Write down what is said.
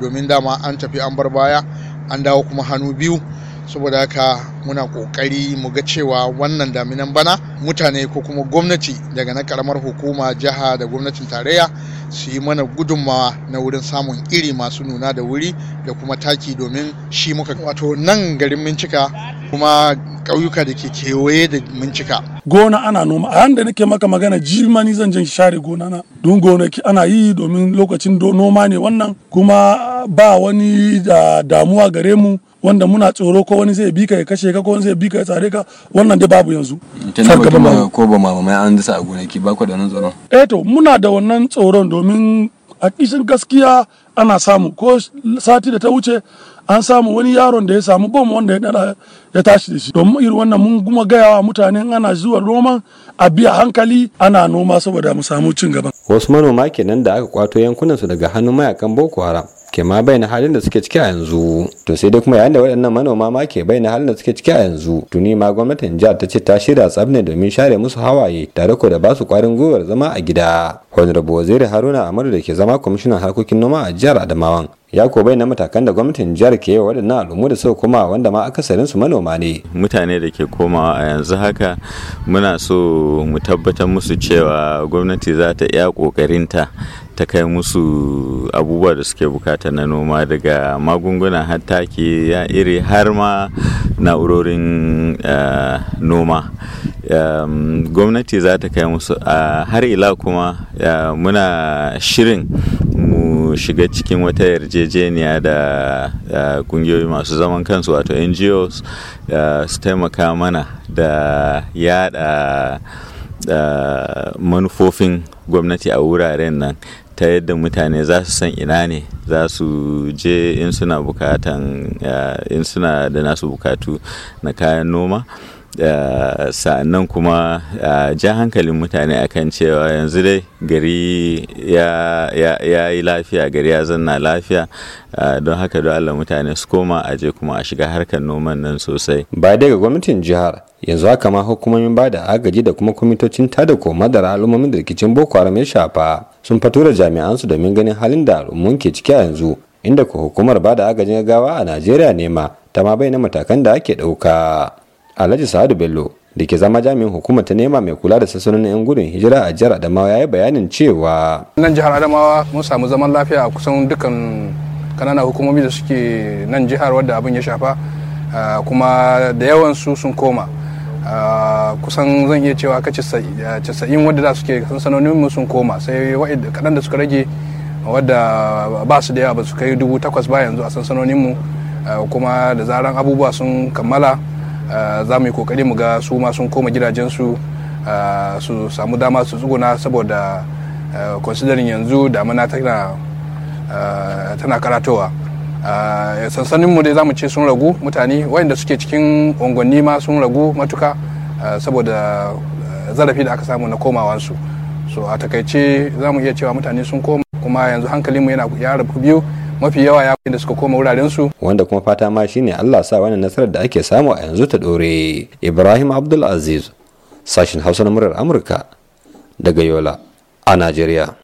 domin dama an tafi an bar baya an dawo kuma hannu biyu saboda haka muna kokari mu ga cewa wannan daminan bana mutane ko kuma gwamnati daga na karamar hukuma jiha da gwamnatin tarayya su yi mana gudunmawa na wurin samun iri masu nuna da wuri da kuma taki domin shi muka wato nan garin mincika kuma ƙauyuka da ke kewaye da mincika gona ana noma a yanda nake maka magana jimani zan jan share gona na don gonaki ana yi domin lokacin noma ne wannan kuma ba wani da ah, damuwa gare mu wanda muna tsoro ko wani zai bika ya kashe ka ko wani zai bika ya tsare ka wannan dai babu yanzu fargaba ko ba an dasa a gonaki ba ku da nan tsoron eh to muna da wannan tsoron domin a kishin gaskiya ana samu ko sati da ta wuce an samu wani yaron da ya samu bom wanda ya dada ya tashi da shi domin irin wannan mun kuma gayawa mutane ana zuwa roman a biya hankali ana noma saboda mu samu cin gaban. wasu manoma kenan da aka kwato yankunansu daga hannun mayakan boko haram ke ma bayyana halin da suke ciki a yanzu to sai dai kuma yayin da waɗannan manoma ma ke bayyana halin da suke ciki a yanzu tuni ma gwamnatin jihar ta ce ta shirya tsab ne domin share musu hawaye tare ko da basu kwarin gwiwar zama a gida honorable waziri haruna amadu da ke zama kwamishinan harkokin noma a jihar adamawan ya ko na matakan da gwamnatin jihar ke yi wa waɗannan al'ummu da suka koma wanda ma akasarin su manoma ne mutane da ke komawa a yanzu haka muna so mu tabbatar musu cewa gwamnati za ta iya ƙoƙarinta ta kai musu abubuwa da suke bukata na noma daga magunguna har taki ya iri har ma na'urorin eh, noma gwamnati za ta kai musu har ila kuma muna shirin mu shiga cikin wata yarjejeniya da kungiyoyi masu zaman kansu wato ngos su taimaka mana da yada da manufofin gwamnati a wuraren nan ta yadda mutane za su san ina ne za su je in suna eh, in suna da nasu bukatu na kayan noma Eh, sa'annan kuma eh, ja hankalin mutane akan cewa yanzu dai gari ya yi lafiya gari ya zanna lafiya eh, don haka don allah mutane su koma a je kuma a shiga harkar noman nan sosai ba dai ga gwamnatin jihar yanzu haka ma hukumomin ba da agaji da kuma kwamitocin tada koma da al'ummomin da rikicin boko haram ya shafa sun fito da jami'ansu domin ganin halin da al'ummun ke ciki a yanzu inda ko hukumar ba da agajin gaggawa a najeriya ne ma ta ma bayyana matakan da ake ɗauka alhaji sa'adu bello da ke zama jami'in hukumar ta nema mai kula da sassanin 'yan gudun hijira a jihar adamawa ya yi bayanin cewa nan jihar adamawa mun samu zaman lafiya a kusan dukkan kananan hukumomi da suke nan jihar wadda abin ya shafa kuma da yawan su sun koma kusan zan iya cewa ka casa'in wadda da suke sansanonin mu sun koma sai kaɗan da suka rage wadda ba su da yawa ba su kai dubu takwas ba yanzu a sansanonin mu kuma da zaran abubuwa sun kammala Ah, za mu yi kokari mu ga su ma sun koma gidajensu ah, su samu dama su tsuguna saboda ah, considering yanzu damina tana karatowa sansanin mu dai za mu ce sun ragu mutane wayanda suke cikin unguwanni ma sun ragu matuka saboda zarafi da aka samu na komawansu so a takaice za mu iya cewa mutane sun koma kuma yanzu hankalinmu yana ya rabu biyu mafi yawa ya da suka koma wuraren su wanda kuma fata ma shine Allah sa wannan nasarar da ake samu a yanzu ta dore Ibrahim Abdul Aziz sashin Hausa na murar Amurka daga Yola a Najeriya